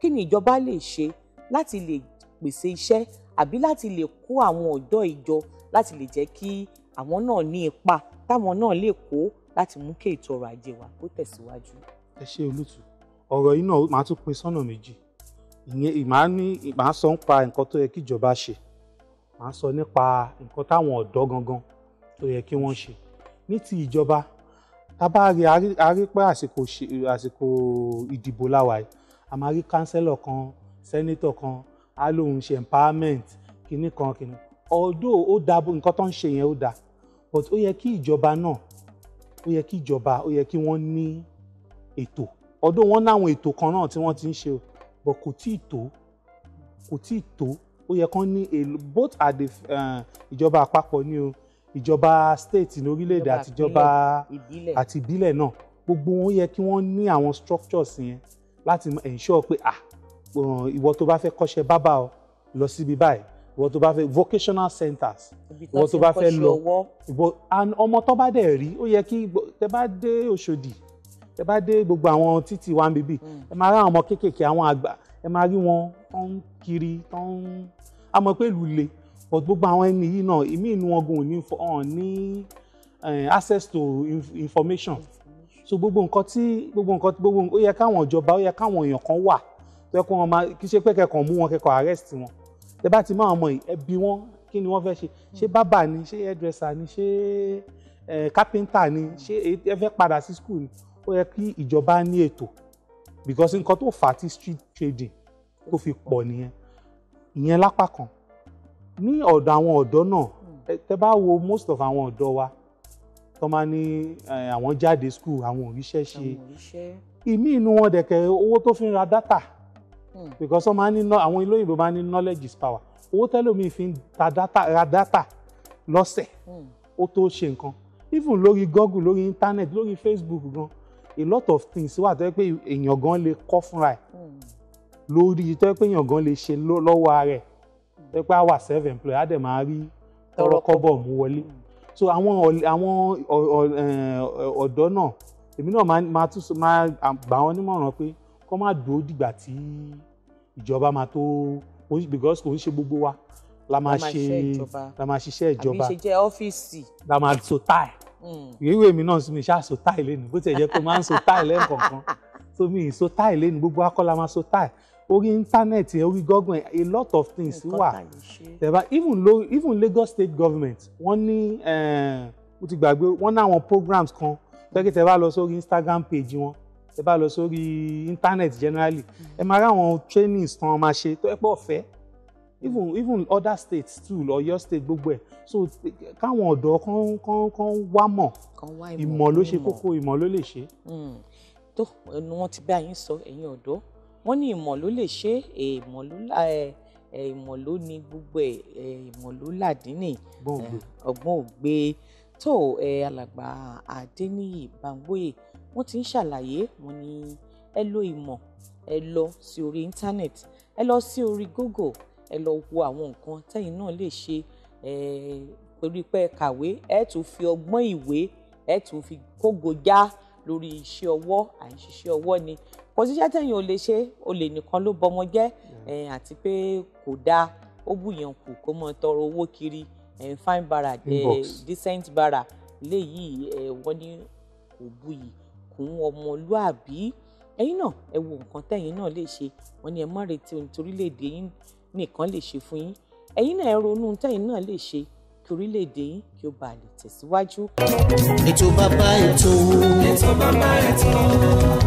kí ni ìjọba lè ṣe láti lè pèsè iṣẹ́ àbí láti lè kó àwọn ọ̀dọ́ ìjọ láti lè jẹ́ kí àwọn náà ní ipa táwọn náà lè kó láti mú kí ètò ọrọ̀ ajé wa kó tẹ̀síwájú. ẹ ṣe olùtù ọ̀rọ̀ yìí náà máa tún pín sọ́nà méjì ìyẹn ìmáa ní ìmáa sọ nípa nǹkan tó yẹ kí ìjọba ṣe máa sọ nípa nǹkan táwọn ọ̀dọ́ gangan tó yẹ kí wọ́n ṣe ní ti ìjọba tá a àsìkò ìdìbò láwa yìí a máa rí kánsẹ́lọ̀ kan sẹ́nítọ̀ kan á lóun ṣe empowerment kìíní kan kìíní although ó da nǹkan tó ń ṣe yẹn ó da but ó yẹ kí ìjọba náà ó yẹ kí ìjọba ó yẹ kí wọ́n ní ètò although wọ́n náwọn ètò kan náà tí wọ́n ti ń ṣe o but kò tí ì tó kò tí ì tó ó yẹ kán ní both at the eh, ìjọba àpapọ̀ ni o ìjọba state ní orílẹ̀-èdè àtijọba àti ìbílẹ̀ náà gbogbo wọn yẹ kí wọ́n ní àwọn structures yẹn láti ensure pé ah um, ìwọ tó bá fẹ́ kọ́ṣẹ́ bábà o lọ síbi báyìí ìwọ tó bá fẹ́ vocational centers ìwọ tó bá fẹ́ lọ ìwọ and ọmọ tó bá dẹ̀ rí ó yẹ kí tẹ bá dé Òṣòdì tẹ bá dé gbogbo àwọn títì wa níbí mm. ẹ máa rá ọmọ kéékèèké àwọn àgbà ẹ máa rí wọn tó ń kiri tó ń a pé ìlú le but gbogbo àwọn ẹni yìí náà ìmí inú ọgùn ò ní eh, access to information so gbogbo nǹkan tí gbogbo nǹkan gbogbo ó yẹ káwọn ìjọba ó yẹ káwọn èèyàn kan wà tó yẹ kó wọn máa kí ṣe pé kẹkọọ mú wọn kẹkọọ arrest wọn tẹ bá ti máa mọ ẹbí wọn kí ni wọn fẹ́ ṣe ṣé hmm. bábà ni ṣé hairdresser ni ṣé kápẹ́ńtà ni ṣé ẹ fẹ́ padà sí school ni ó yẹ kí ìjọba ní ètò because nǹkan tó fà á ti street trading tó fi pọ̀ nìyẹn ìyẹn lápá kan ní ọ̀dọ̀ àwọn ọ̀dọ́ náà hmm. tẹ bá wo most of àwọn ọ̀dọ́ wa tó máa ní àwọn jáde school àwọn òríṣẹ́ ṣe ìmí inú wọn dẹ̀kẹ̀ owó tó fi ń ra dátà hmm. because wọ́n máa ń ní àwọn ilé òyìnbó máa ń ní knowledge is power owó tẹ́lómi fi ń ta dátà ra dátà lọ́sẹ̀ hmm. ó tó ṣe nǹkan even lórí Google lórí internet lórí Facebook gan a lot of things wà tó yẹ pé èèyàn gan lè kọ́ fúnra ẹ̀ hmm. lórí tó yẹ pé èèyàn gan lè ṣe lọ́wọ́ ara ẹ̀ tó yẹ pé a wà self employed á dẹ̀ máa rí tọrọkọ́bọ̀ mú wọlé so àwọn àwọn eh, ọ̀dọ́ náà èmi náà máa tún máa gbà wọ́n nímọ̀ràn pé kó má dúró dìgbà tí ìjọba máa tó because kò ń ṣe gbogbo wa la máa ṣe la máa ṣiṣẹ́ ìjọba àbí ṣe jẹ́ ọ́fíìsì la máa so táì hmm. ìwéwé mi náà mi ṣáà so táì lẹ́nu bó ti ẹ̀ jẹ́ pé máa ń so táì lẹ́ẹ̀kọ̀ọ̀kan so mi so táì lẹ́nu gbogbo akọ́ la máa so táì orí íńtánẹ́ẹ̀tì orí gọ́gùn ẹ̀ a lot of things wà tẹ̀bá even lo even Lagos state government wọ́n ní eh, mo ti gbàgbé wọ́n ní àwọn programs kan tẹ́kẹ́ tẹ́ bá lọ sórí Instagram page wọn tẹ́ bá lọ sórí internet generally ẹ máa rá àwọn trainings tán máa ṣe tó ẹ pọ̀ ọ̀fẹ́ even even other states too Ọ̀yọ́ state gbogbo ẹ̀ so káwọn ọ̀dọ́ kan kan kan wá mọ̀ ìmọ̀ ló ṣe kókó ìmọ̀ ló lè ṣe. Hmm. tó wọ́n ti bá yín sọ ẹ̀yin ọ̀dọ́ wọ́n ní ìmọ̀ ló lè ṣe ìmọ̀ ló ìmọ̀ ló ní gbogbo ẹ̀ ìmọ̀ ló làdínì ọgbọ́n ògbé tó alàgbà Adéníyì Bámgbóyè wọ́n ti ń ṣàlàyé wọ́n ní ẹ lo ìmọ̀ ẹ lọ sí orí íńtánẹ́ẹ̀tì ẹ lọ sí orí Google ẹ lọ wo àwọn nǹkan tẹ́yìn náà lè ṣe torí pé kàwé ẹ tún fi ọgbọ́n ìwé ẹ tún fi kógo já lórí iṣẹ́ ọwọ́ àìṣiṣẹ́ ọwọ́ ni kò síṣẹ́ tẹ̀yìn ò lè ṣe olè nìkan ló bọmọ jẹ́ àti pé kò dáa ó bùyàn kù kó mọ tọrọ owó kiri fine bara decent bara léyìí wọ́n ní kò buyì kún ọmọlúàbí ẹ̀yin náà ẹ wo nǹkan tẹ̀yin náà lè ṣe wọ́n ní ẹ má retí orílẹ̀-èdè yín nìkan lè ṣe fún yín ẹ̀yin náà ẹ ronú tẹ̀yin náà lè ṣe kí orílẹ̀-èdè yín kí ó bàa lè tẹ̀síwájú. ètò bàbá ètò. ètò bàbá ètò.